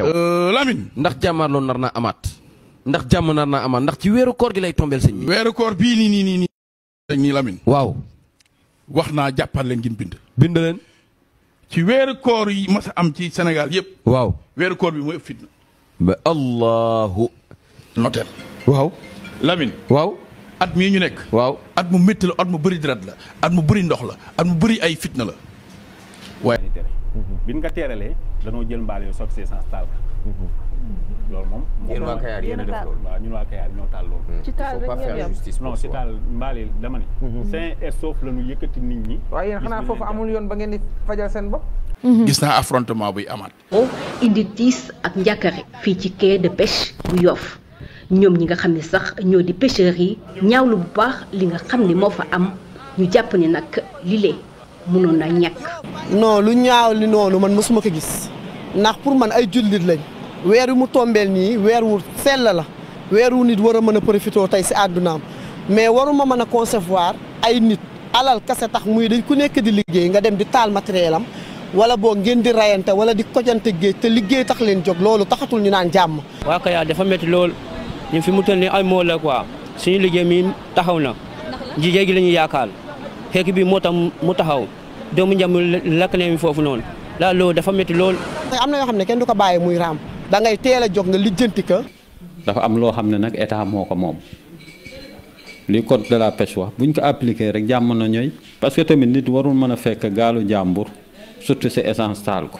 xew. Euh, ndax jàmmaarloo nar naa amaat. ndax jàmm nar amaat ndax ci weeru koor gi lay tombeel sëñ weeru koor bii nii nii nii nii. rek nii Lamine. waaw. wax naa jàppale leen ngeen bind. bind ci weeru koor yi ma a am ci senegal yëpp. waaw weeru koor bi mooy fitna. ba Allahu. noter. waaw. Lamine. waaw. at mii ñu nekk. waaw at mu métti la at mu bari deret la at mu bëri ndox la at mu bari ay fitna la waaye. Mhm. biñ ko dan ujian jël mbaal yoo sotti essence taal ko mhm. loolu moom ñun waa Kayaar yéen def loolu waaw ñun waa Kayaar ñoo taal loolu ci taal rek ngeen yam non ci taal mbaal dama ni sain et sauf la ñu nit ñi waaye yéen xanaa foofu amul yoon ba ngeen fajal seen bopp mhm. gis naa affrontement buy oh, indi ak ci quai de pêche bu ñi nga sax ñoo di yi ñaawlu bu baax li nga fa am ñu li mënoon na ñekk. non lu ñaaw li noonu man mësuma ko gis ndax pour man ay jullit lañ weer wi mu tombeel nii weer wu sell la weer wu nit war a mën a profité tey si àddunaam mais waruma mën a concevoir ay nit alal kase tax muy dañ ku nekk di liggéey nga dem di taal matériel am wala boo ngeen di rayante wala di kojante géej te liggéey tax leen jóg loolu taxatul ñu naan jàmm. waa Kayar dafa métti lool ñu fi mu toll nii ay moo la quoi suñu liggéey mi taxaw na jigéen gi la yaakaar. xeex bi moo tam mu taxaw doomu njàmbur lakk nañu foofu noonu laa loolu dafa métti lool. am na yoo xam ne kenn du ko bàyyi muy raam dangay ngay teel a jóg nga lijjantika dafa am loo xam ne nag état moo ko moom li code de la pêche wax buñ ko appliqué rek jàmm na ñooy parce que tamit nit warul mën a fekk gaalu jàmbur surtout si essence taal ko.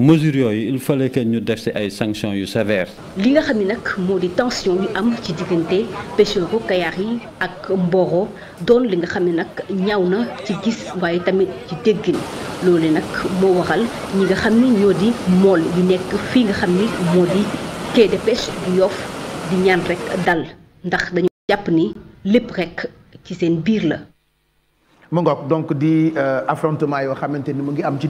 mesure yooyu il fallait que ñu def ay sanctions yu sévères. li nga xamni nak modi tension yu am ci diggante pêcheur kayaar yi ak Mboro doon li nga xamni nak nag ci gis waye tamit ci déggin lolé nak moo waxal ñi nga xamni ñodi ñoo yu nekk fi nga xamni modi quai de pêche bu yof di ñaan rek dal ndax dañu japp ni lépp rek ci seen biir la. mo ngok donc di euh, affrontement yo xamante mo ngi am ci.